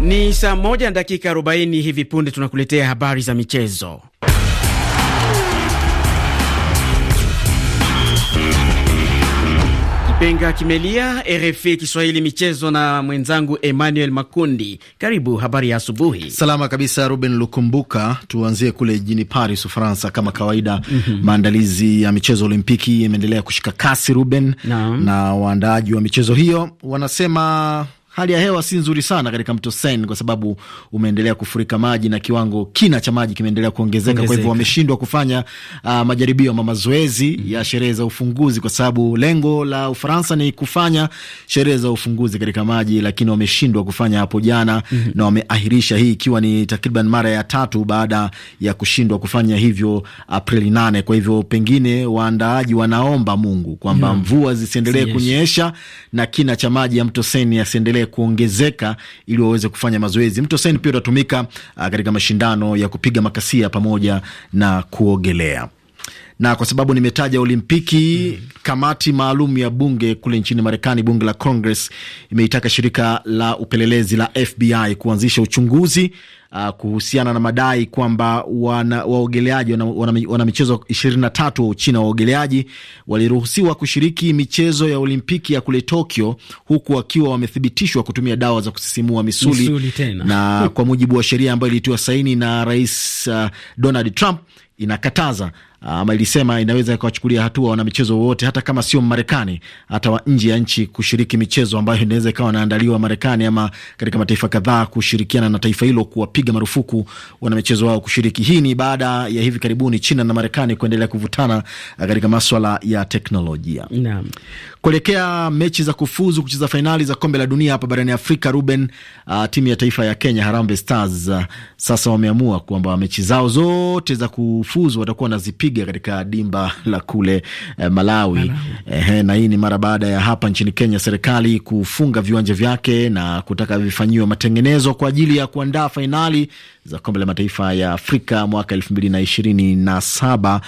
Ni saa moja na dakika 4 Hivi punde tunakuletea habari za michezo. Kipenga kimelia, RFI Kiswahili michezo na mwenzangu Emmanuel Makundi. Karibu, habari ya asubuhi. Salama kabisa, Ruben Lukumbuka. Tuanzie kule jijini Paris, Ufaransa. Kama kawaida, mm -hmm. maandalizi ya michezo Olimpiki yameendelea kushika kasi, Ruben na, na waandaaji wa michezo hiyo wanasema hali ya hewa si nzuri sana katika mto Sen kwa sababu umeendelea kufurika maji na kiwango kina cha maji kimeendelea kuongezeka. Kwa hivyo wameshindwa kufanya uh, majaribio ama mazoezi mm. ya sherehe za ufunguzi, kwa sababu lengo la Ufaransa ni kufanya sherehe za ufunguzi katika maji, lakini wameshindwa kufanya hapo jana mm -hmm. na wameahirisha hii ikiwa ni takriban mara ya tatu baada ya kushindwa kufanya hivyo Aprili nane. Kwa hivyo pengine waandaaji wanaomba Mungu kwamba yeah. Mhm. mvua zisiendelee kunyesha na kina cha maji ya mto Sen yasiendelee kuongezeka ili waweze kufanya mazoezi. Mto Seine pia utatumika ah, katika mashindano ya kupiga makasia pamoja na kuogelea na kwa sababu nimetaja Olimpiki mm. Kamati maalum ya bunge kule nchini Marekani, bunge la Congress, imeitaka shirika la upelelezi la FBI kuanzisha uchunguzi uh, kuhusiana na madai kwamba waogeleaji wana, wana, wana, michezo ishirini na tatu wa Uchina waogeleaji waliruhusiwa kushiriki michezo ya Olimpiki ya kule Tokyo, huku wakiwa wamethibitishwa kutumia dawa za kusisimua misuli, misuli tena. na kwa mujibu wa sheria ambayo ilitiwa saini na Rais uh, Donald Trump inakataza Ah, ama ilisema inaweza ikawachukulia hatua wana michezo wote, hata kama sio Marekani, hata wa nje ya nchi kushiriki michezo ambayo inaweza ikawa naandaliwa Marekani ama katika mataifa kadhaa, kushirikiana na taifa hilo kuwapiga marufuku wana michezo wao kushiriki. Hii ni baada ya hivi karibuni China na Marekani kuendelea kuvutana ah, katika maswala ya teknolojia. Naam, kuelekea mechi za kufuzu kucheza fainali za kombe la dunia hapa barani Afrika, Ruben, uh, timu ya taifa ya Kenya Harambee Stars uh, sasa wameamua kwamba mechi zao zote za kufuzu watakuwa wanazipiga kupiga katika dimba la kule eh, Malawi. Eh, na hii ni mara baada ya hapa nchini Kenya serikali kufunga viwanja vyake na kutaka vifanyiwe matengenezo kwa ajili ya kuandaa fainali za kombe la mataifa ya Afrika mwaka elfu mbili na ishirini na saba.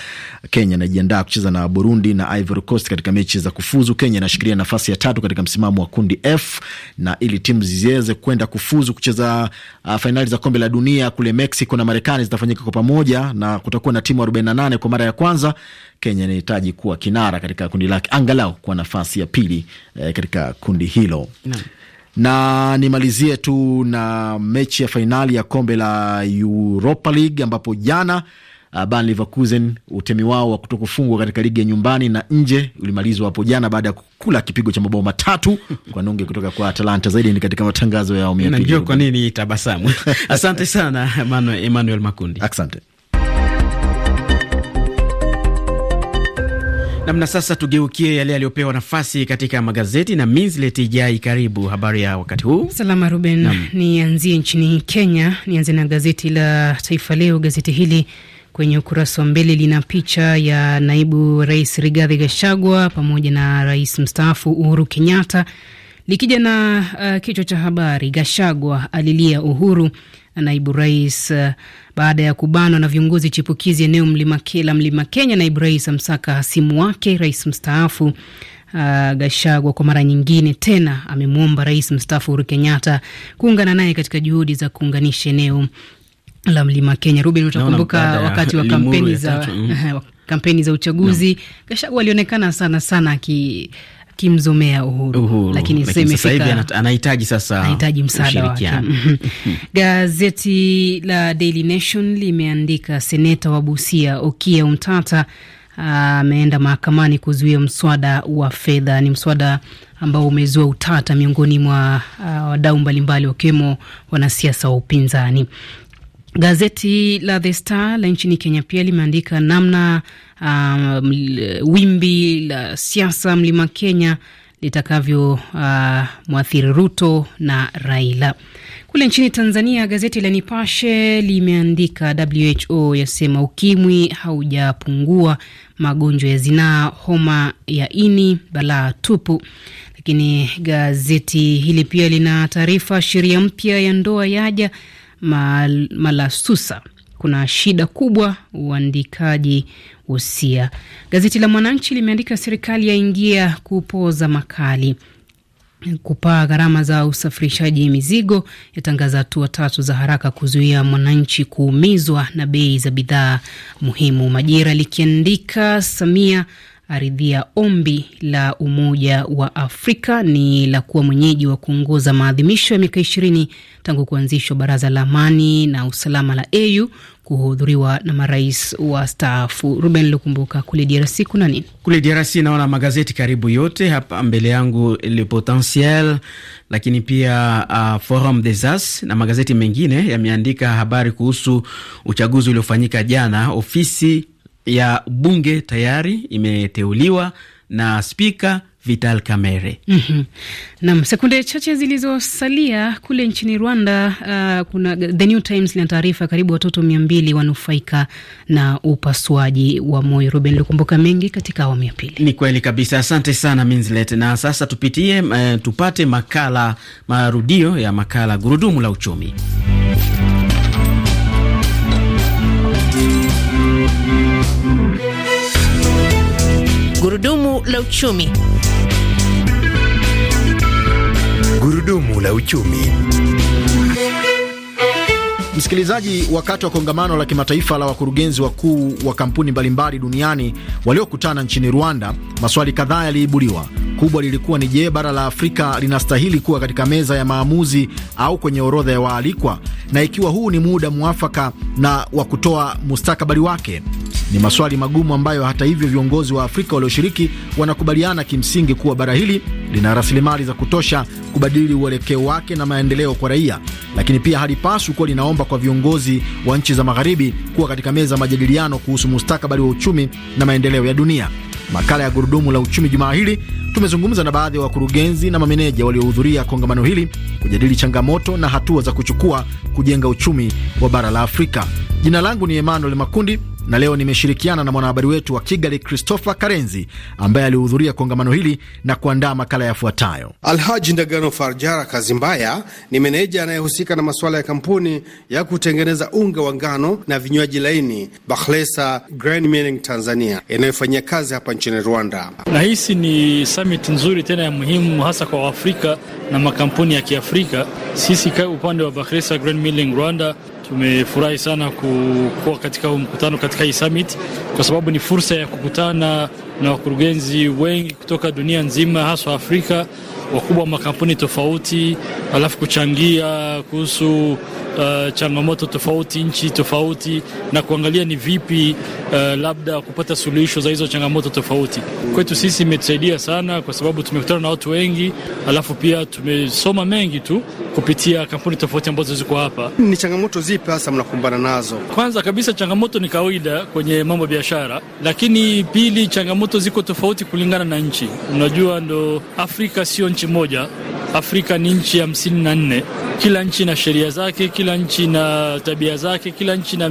Kenya inajiandaa kucheza na Burundi na Ivory Coast katika mechi za kufuzu. Kenya inashikilia nafasi ya tatu katika msimamo wa kundi F, na ili timu ziweze kwenda kufuzu kucheza uh, fainali za kombe la dunia kule Mexico na Marekani zitafanyika kwa pamoja, na kutakuwa na timu 48 kwa kwa mara ya kwanza Kenya inahitaji kuwa kinara katika kundi lake angalau kwa nafasi ya pili eh, katika kundi hilo na na nimalizie tu na mechi ya fainali ya kombe la Europa League ambapo jana uh, Bayer Leverkusen utemi wao wa kutokufungwa katika ligi ya nyumbani na nje ulimalizwa hapo jana baada ya kula kipigo cha mabao matatu kwa nunge kutoka kwa Atalanta. Zaidi ni katika matangazo ya awamu ya pili. Najua kwa nini tabasamu. Asante sana Emmanuel Makundi, asante. Namna sasa, tugeukie yale yaliyopewa nafasi katika magazeti na Minslet Ijai. Karibu, habari ya wakati huu? Salama Ruben, nianzie nchini Kenya, nianze na gazeti la Taifa Leo. Gazeti hili kwenye ukurasa wa mbele lina picha ya naibu rais Rigathi Gachagua pamoja na rais mstaafu Uhuru Kenyatta, likija na uh, kichwa cha habari Gachagua alilia Uhuru naibu rais eh, baada ya kubanwa na viongozi chipukizi eneo mlima, la mlima Kenya. Naibu rais amsaka hasimu wake rais mstaafu Uh, eh, Gashagwa kwa mara nyingine tena amemwomba rais mstaafu Uhuru Kenyatta kuungana naye katika juhudi za kuunganisha eneo la mlima Kenya. Ruben, utakumbuka wakati mm. wa kampeni za kampeni za uchaguzi no. Gashagwa alionekana sana sana aki kimzomea Uhuru, Uhuru, lakini sasa hivi anahitaji sasa anahitaji msaada wake. Gazeti la Daily Nation limeandika seneta wa Busia Okiya Omtata ameenda mahakamani kuzuia mswada wa fedha. Ni mswada ambao umezua utata miongoni mwa uh, wadau mbalimbali wakiwemo wanasiasa wa upinzani. Gazeti la The Star la nchini Kenya pia limeandika namna um, wimbi la siasa mlima Kenya litakavyo uh, mwathiri Ruto na Raila. Kule nchini Tanzania, gazeti la Nipashe limeandika WHO yasema ukimwi haujapungua, magonjwa ya zinaa, homa ya ini balaa tupu. Lakini gazeti hili pia lina taarifa, sheria mpya ya ndoa yaja mal, malasusa kuna shida kubwa uandikaji usia. Gazeti la Mwananchi limeandika serikali yaingia kupoza makali kupaa gharama za usafirishaji mizigo, yatangaza hatua tatu za haraka kuzuia mwananchi kuumizwa na bei za bidhaa muhimu. Majira likiandika Samia aridhia ombi la Umoja wa Afrika ni la kuwa mwenyeji wa kuongoza maadhimisho ya miaka ishirini tangu kuanzishwa Baraza la Amani na Usalama la AU kuhudhuriwa na marais wa staafu Ruben Lukumbuka, kule DRC kuna nini? Kule DRC naona magazeti karibu yote hapa mbele yangu, Le Potentiel, lakini pia uh, Forum des As na magazeti mengine yameandika habari kuhusu uchaguzi uliofanyika jana. Ofisi ya bunge tayari imeteuliwa na spika Vital Kamerhe. mm -hmm. Nam, sekunde chache zilizosalia kule nchini Rwanda. Uh, kuna The New Times lina taarifa karibu watoto mia mbili wanufaika na upasuaji wa moyo. Ruben Lukumbuka, mengi katika awamu ya pili. Ni kweli kabisa, asante sana Minslet. Na sasa tupitie, uh, tupate makala marudio ya makala gurudumu la uchumi gurudumu la uchumi. Gurudumu la uchumi. Msikilizaji, wakati wa kongamano la kimataifa la wakurugenzi wakuu wa kampuni mbalimbali duniani waliokutana nchini Rwanda, maswali kadhaa yaliibuliwa kubwa lilikuwa ni je, bara la Afrika linastahili kuwa katika meza ya maamuzi au kwenye orodha ya waalikwa, na ikiwa huu ni muda mwafaka na wa kutoa mustakabali wake? Ni maswali magumu ambayo hata hivyo viongozi wa Afrika walioshiriki wanakubaliana kimsingi kuwa bara hili lina rasilimali za kutosha kubadili uelekeo wake na maendeleo kwa raia, lakini pia halipaswi kuwa linaomba kwa viongozi wa nchi za magharibi kuwa katika meza ya majadiliano kuhusu mustakabali wa uchumi na maendeleo ya dunia. Makala ya Gurudumu la Uchumi jumaa hili Tumezungumza na baadhi ya wakurugenzi na mameneja waliohudhuria kongamano hili kujadili changamoto na hatua za kuchukua kujenga uchumi wa bara la Afrika. Jina langu ni Emmanuel Makundi na leo nimeshirikiana na mwanahabari wetu wa Kigali Christopher Karenzi ambaye alihudhuria kongamano hili na kuandaa makala yafuatayo. Alhaji Ndagano Farjara Kazimbaya ni meneja anayehusika na masuala ya kampuni ya kutengeneza unga wa ngano na vinywaji laini Bakhlesa Grain Milling Tanzania inayofanyia kazi hapa nchini Rwanda. Nahisi ni summit nzuri tena ya muhimu hasa kwa Waafrika na makampuni ya Kiafrika. Sisi upande wa Bakhlesa Grain Milling Rwanda Tumefurahi sana kuwa katika huu mkutano, katika hii summit, kwa sababu ni fursa ya kukutana na wakurugenzi wengi kutoka dunia nzima, haswa Afrika, wakubwa wa makampuni tofauti, alafu kuchangia kuhusu uh, changamoto tofauti, nchi tofauti, na kuangalia ni vipi uh, labda kupata suluhisho za hizo changamoto tofauti. Kwetu sisi imetusaidia sana, kwa sababu tumekutana na watu wengi, alafu pia tumesoma mengi tu kupitia kampuni tofauti ambazo ziko hapa. Ni changamoto zipi hasa mnakumbana nazo? Kwanza kabisa changamoto ni kawaida kwenye mambo ya biashara, lakini pili, changamoto ziko tofauti kulingana na nchi. Unajua, ndo Afrika sio nchi moja Afrika ni nchi hamsini na nne. Kila nchi na sheria zake, kila nchi na tabia zake, kila nchi na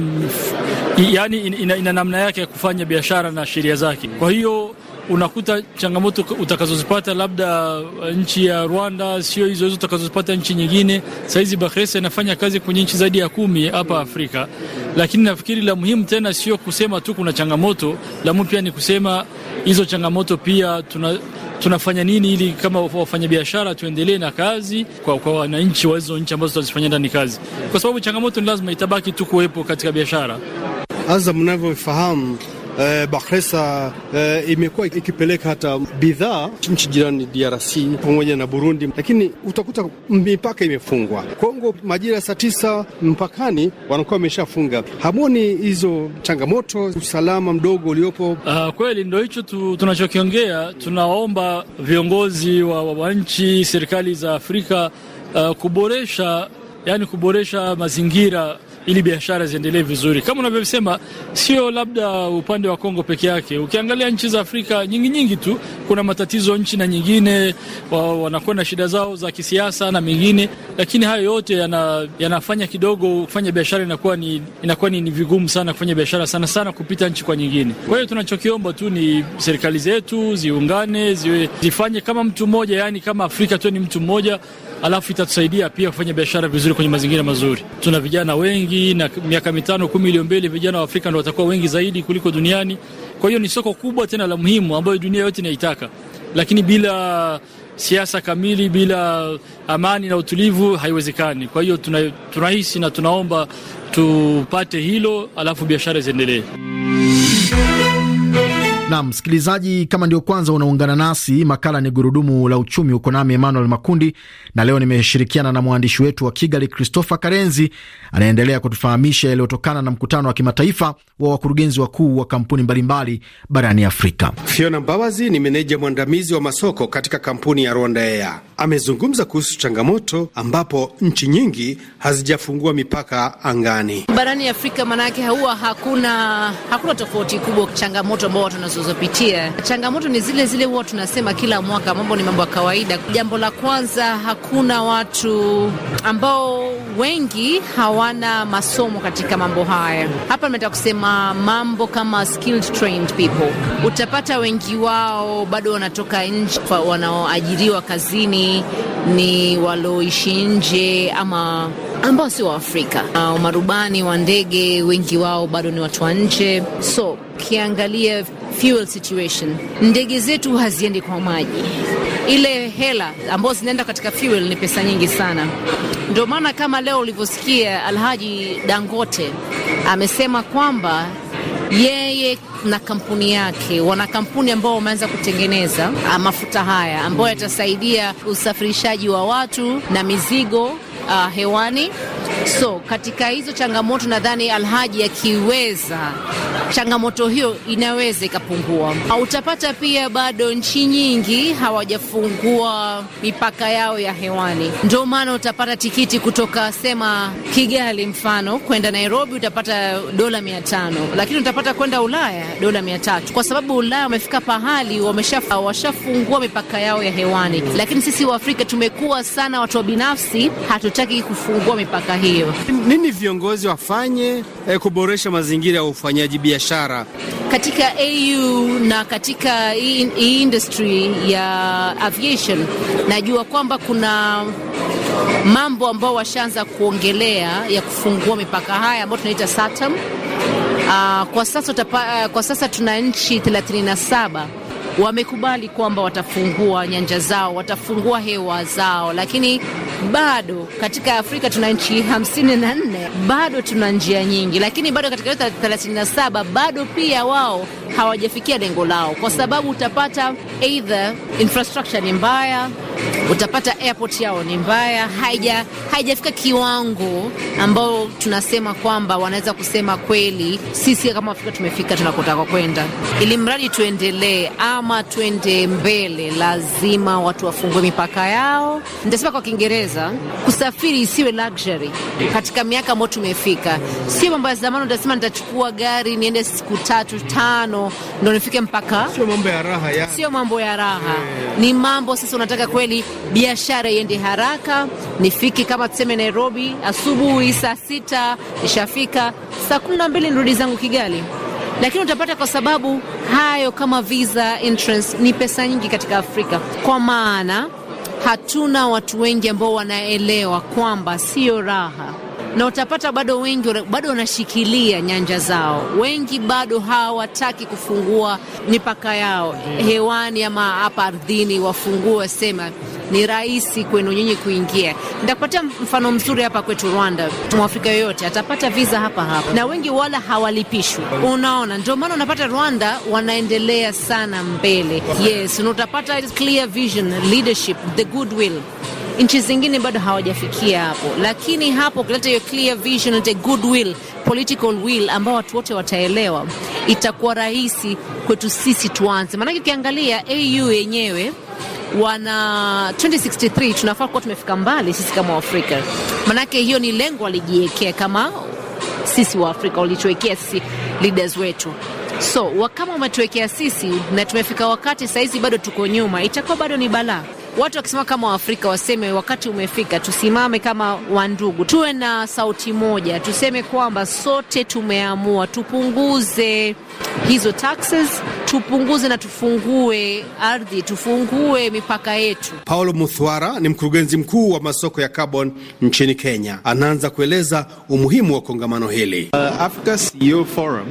yani ina, ina namna yake ya kufanya biashara na sheria zake. Kwa hiyo unakuta changamoto utakazozipata labda uh, nchi ya Rwanda sio hizo hizo utakazozipata nchi nyingine. Sahizi Bakhresa inafanya kazi kwenye nchi zaidi ya kumi hapa Afrika, lakini nafikiri la muhimu tena sio kusema tu kuna changamoto, la muhimu pia ni kusema hizo changamoto pia tuna tunafanya nini ili kama wafanyabiashara tuendelee na kazi kwa, kwa wananchi wa hizo nchi ambazo tunazifanyia ndani kazi, kwa sababu changamoto ni lazima itabaki tu kuwepo katika biashara. Aza mnavyofahamu e, eh, Bakresa eh, imekuwa ikipeleka hata bidhaa nchi jirani DRC pamoja na Burundi, lakini utakuta mipaka imefungwa. Kongo majira ya saa tisa mpakani wanakuwa wameshafunga. Hamoni hizo changamoto, usalama mdogo uliopo. Uh, kweli ndo hicho tu, tunachokiongea. Tunaomba viongozi wa, wa nchi serikali za Afrika uh, kuboresha yani kuboresha mazingira ili biashara ziendelee vizuri. Kama unavyosema, sio labda upande wa Kongo peke yake. Ukiangalia nchi za Afrika nyingi nyingi tu kuna matatizo nchi na nyingine, wanakuwa na shida zao za kisiasa na mengine, lakini hayo yote yana, yanafanya kidogo kufanya biashara inakuwa ni, inakuwa ni, ni vigumu sana kufanya biashara sana sana kupita nchi kwa nyingine. Kwa hiyo tunachokiomba tu ni serikali zetu ziungane, ziwe, zifanye kama mtu mmoja, yani kama Afrika tu ni mtu mmoja alafu itatusaidia pia kufanya biashara vizuri kwenye mazingira mazuri. Tuna vijana wengi na miaka mitano kumi iliyo mbele, vijana wa Afrika ndo watakuwa wengi zaidi kuliko duniani. Kwa hiyo ni soko kubwa tena la muhimu ambayo dunia yote inaitaka, lakini bila siasa kamili, bila amani na utulivu haiwezekani. Kwa hiyo tunahisi na tunaomba tupate hilo, alafu biashara ziendelee. Na msikilizaji, kama ndio kwanza unaungana nasi, makala ni gurudumu la uchumi. Uko nami Emmanuel Makundi, na leo nimeshirikiana na mwandishi wetu wa Kigali Christopher Karenzi, anaendelea kutufahamisha yaliyotokana na mkutano wa kimataifa wa wakurugenzi wakuu wa kampuni mbalimbali barani Afrika. Fiona Mbawazi ni meneja mwandamizi wa masoko katika kampuni ya Rwanda Air, amezungumza kuhusu changamoto ambapo nchi nyingi hazijafungua mipaka angani barani Afrika, manake huwa hakuna, hakuna tofauti kubwa changamoto ambao watu tulizopitia, changamoto ni zile zile, huwa tunasema kila mwaka, mambo ni mambo ya kawaida. Jambo la kwanza, hakuna watu ambao wengi hawana masomo katika mambo haya. Hapa nimetaka kusema mambo kama skilled trained people, utapata wengi wao bado wanatoka nje, wanaoajiriwa kazini ni walioishi nje ama ambao sio Waafrika. Uh, ah, marubani wa ndege wengi wao bado ni watu wa nje, so ukiangalia fuel situation, ndege zetu haziendi kwa maji. Ile hela ambazo zinaenda katika fuel ni pesa nyingi sana. Ndio maana kama leo ulivyosikia Alhaji Dangote amesema kwamba yeye na kampuni yake wana kampuni ambao wameanza kutengeneza ah, mafuta haya ambayo yatasaidia usafirishaji wa watu na mizigo uh, hewani. So katika hizo changamoto nadhani Alhaji akiweza changamoto hiyo inaweza ikapungua. Utapata pia bado nchi nyingi hawajafungua mipaka yao ya hewani, ndio maana utapata tikiti kutoka sema Kigali mfano kwenda Nairobi utapata dola mia tano lakini utapata kwenda Ulaya dola mia tatu kwa sababu Ulaya wamefika pahali wameshafungua mipaka yao ya hewani, lakini sisi wa Afrika tumekuwa sana watu wa binafsi, hatutaki kufungua mipaka hiyo. Nini viongozi wafanye eh, kuboresha mazingira ya ufanyaji biashara biashara katika AU na katika industry ya aviation. Najua kwamba kuna mambo ambao washaanza kuongelea ya kufungua mipaka haya ambayo tunaita SATAM. Uh, kwa sasa, utapa, uh, kwa sasa tuna nchi 37 wamekubali kwamba watafungua nyanja zao, watafungua hewa zao, lakini bado katika Afrika tuna nchi hamsini na nne, bado tuna njia nyingi, lakini bado katika yote thelathini na saba bado pia wao hawajafikia lengo lao, kwa sababu utapata either infrastructure ni mbaya utapata airport yao ni mbaya, haija haijafika kiwango ambao tunasema kwamba wanaweza kusema kweli sisi kama Afrika tumefika tunakotaka kwenda. Ili mradi tuendelee ama tuende mbele, lazima watu wafungue mipaka yao. Nitasema kwa Kiingereza, kusafiri isiwe luxury katika miaka ambayo tumefika, sio mambo ya zamani. Utasema nitachukua gari niende siku tatu tano ndo nifike mpaka, sio mambo ya raha, sio mambo ya raha, eh. ni mambo sasa unataka kweli kweli biashara iende haraka, nifiki kama tuseme Nairobi asubuhi saa sita nishafika, saa kumi na mbili nirudi zangu Kigali. Lakini utapata kwa sababu hayo kama visa entrance ni pesa nyingi katika Afrika, kwa maana hatuna watu wengi ambao wanaelewa kwamba sio raha na utapata bado wengi bado wanashikilia nyanja zao, wengi bado hawataki kufungua mipaka yao mm. hewani ama hapa ardhini, wafungue wasema ni rahisi kwenu nyinyi kuingia. Nitakupatia mfano mzuri hapa kwetu Rwanda. Mwafrika yoyote atapata viza hapa hapa, na wengi wala hawalipishwi. Unaona, ndio maana unapata Rwanda wanaendelea sana mbele. Yes, na utapata clear vision, leadership, the goodwill nchi zingine bado hawajafikia hapo, lakini hapo ukileta hiyo clear vision, good will, political will ambao watu wote wataelewa, itakuwa rahisi kwetu sisi tuanze. Maanake ukiangalia AU yenyewe wana 2063 tunafaa kuwa tumefika mbali sisi kama Waafrika, maanake hiyo ni lengo walijiwekea kama sisi Waafrika, walichowekea sisi leaders wetu. So wakama wametuwekea sisi na tumefika wakati sahizi bado tuko nyuma, itakuwa bado ni balaa watu wakisema kama Waafrika waseme wakati umefika, tusimame kama wandugu, tuwe na sauti moja, tuseme kwamba sote tumeamua tupunguze hizo taxes, tupunguze na tufungue ardhi, tufungue mipaka yetu. Paulo Muthwara ni mkurugenzi mkuu wa masoko ya carbon nchini Kenya, anaanza kueleza umuhimu wa kongamano hili. Uh, Africa CEO Forum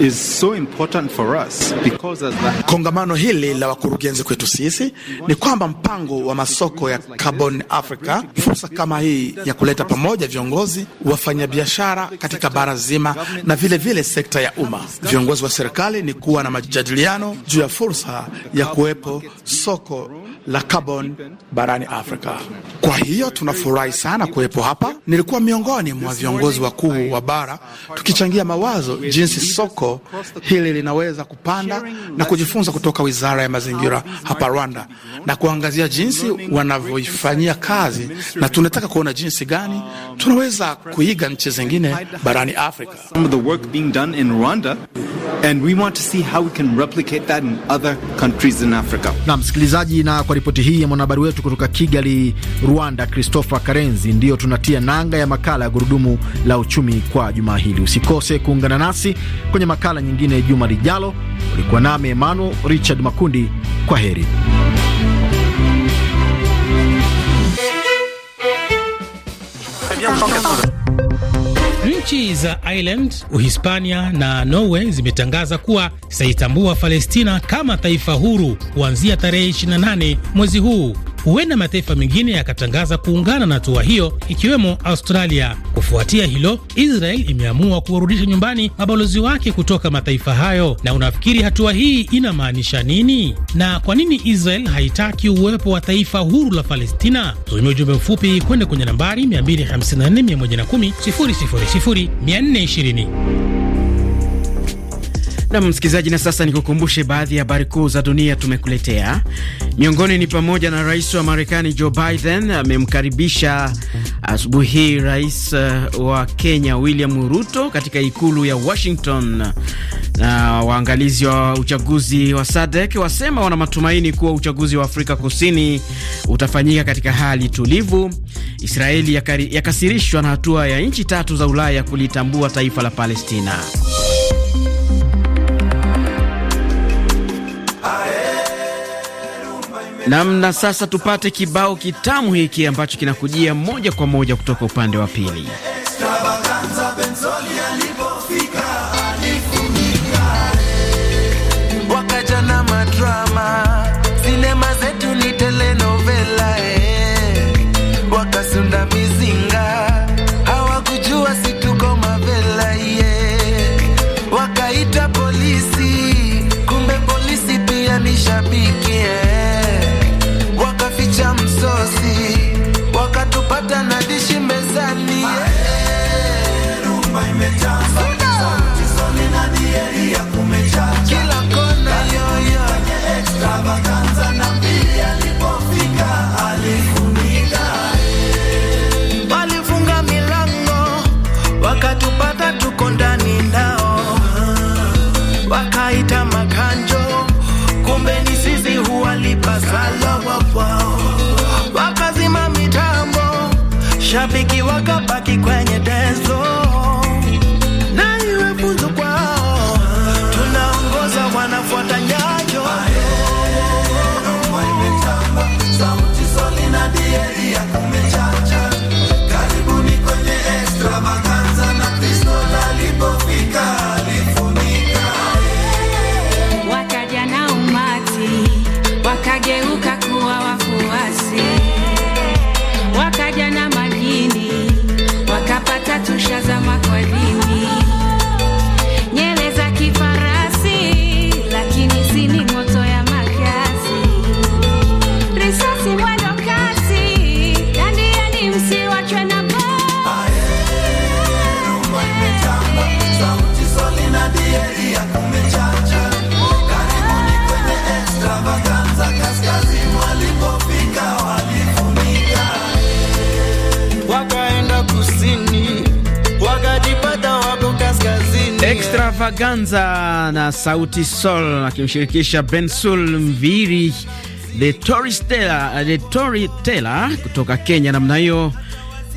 is so important for us because as the... Kongamano hili la wakurugenzi kwetu sisi ni kwamba mpango wa masoko ya Carbon Africa, fursa kama hii ya kuleta pamoja viongozi, wafanyabiashara katika bara zima na vilevile vile sekta ya umma, viongozi wa serikali, ni kuwa na majadiliano juu ya fursa ya kuwepo soko la carbon barani Afrika. Kwa hiyo tunafurahi sana kuwepo hapa. Nilikuwa miongoni mwa viongozi wakuu wa bara tukichangia mawazo jinsi soko hili linaweza kupanda na kujifunza kutoka Wizara ya Mazingira hapa Rwanda na kuangazia jinsi wanavyoifanyia kazi, na tunataka kuona jinsi gani tunaweza kuiga nchi zingine barani Afrika. the work being done in Rwanda and we want to see how we can replicate that in other countries in Africa. Na msikilizaji na kwa kwa ripoti hii ya mwanahabari wetu kutoka Kigali, Rwanda, Christopher Karenzi, ndiyo tunatia nanga ya makala ya gurudumu la uchumi kwa jumaa hili. Usikose kuungana nasi kwenye makala nyingine juma lijalo. Ulikuwa nami Emmanuel Richard Makundi, kwa heri. Nchi za Ireland, Uhispania na Norway zimetangaza kuwa zitaitambua Palestina kama taifa huru kuanzia tarehe 28 mwezi huu huenda mataifa mengine yakatangaza kuungana na hatua hiyo ikiwemo Australia. Kufuatia hilo, Israel imeamua kuwarudisha nyumbani mabalozi wake kutoka mataifa hayo. Na unafikiri hatua hii inamaanisha nini, na kwa nini Israel haitaki uwepo wa taifa huru la Palestina? Tutumia ujumbe mfupi kwenda kwenye nambari 254 110 000 420. Nam msikilizaji, na sasa nikukumbushe baadhi ya habari kuu za dunia tumekuletea. Miongoni ni pamoja na rais wa Marekani Joe Biden amemkaribisha asubuhi hii rais uh, wa Kenya William Ruto katika ikulu ya Washington, na waangalizi wa uchaguzi wa SADC wasema wana matumaini kuwa uchaguzi wa Afrika Kusini utafanyika katika hali tulivu. Israeli yakasirishwa na hatua ya nchi tatu za Ulaya kulitambua taifa la Palestina. namna. Sasa tupate kibao kitamu hiki ambacho kinakujia moja kwa moja kutoka upande wa pili. madrama shabiki wako when kwenye dance floor kwanza na Sauti Sol akimshirikisha sul Mviri the Tory Stella, the Taylor kutoka Kenya. Namna hiyo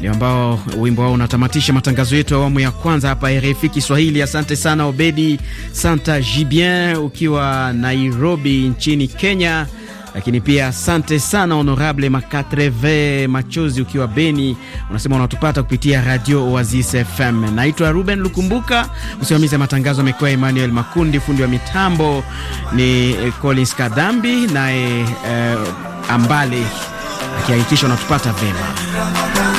ni ambao wimbo wao unatamatisha matangazo yetu ya awamu ya kwanza hapa RFI Kiswahili. Asante sana Obedi Santa Jibien ukiwa Nairobi nchini Kenya. Lakini pia asante sana Honorable Makatreve Machozi, ukiwa Beni, unasema unatupata kupitia Radio Oasis FM. Naitwa Ruben Lukumbuka, msimamizi wa matangazo amekuwa Emmanuel Makundi, fundi wa mitambo ni eh, Collins Kadhambi, naye eh, Ambale akihakikisha unatupata vema.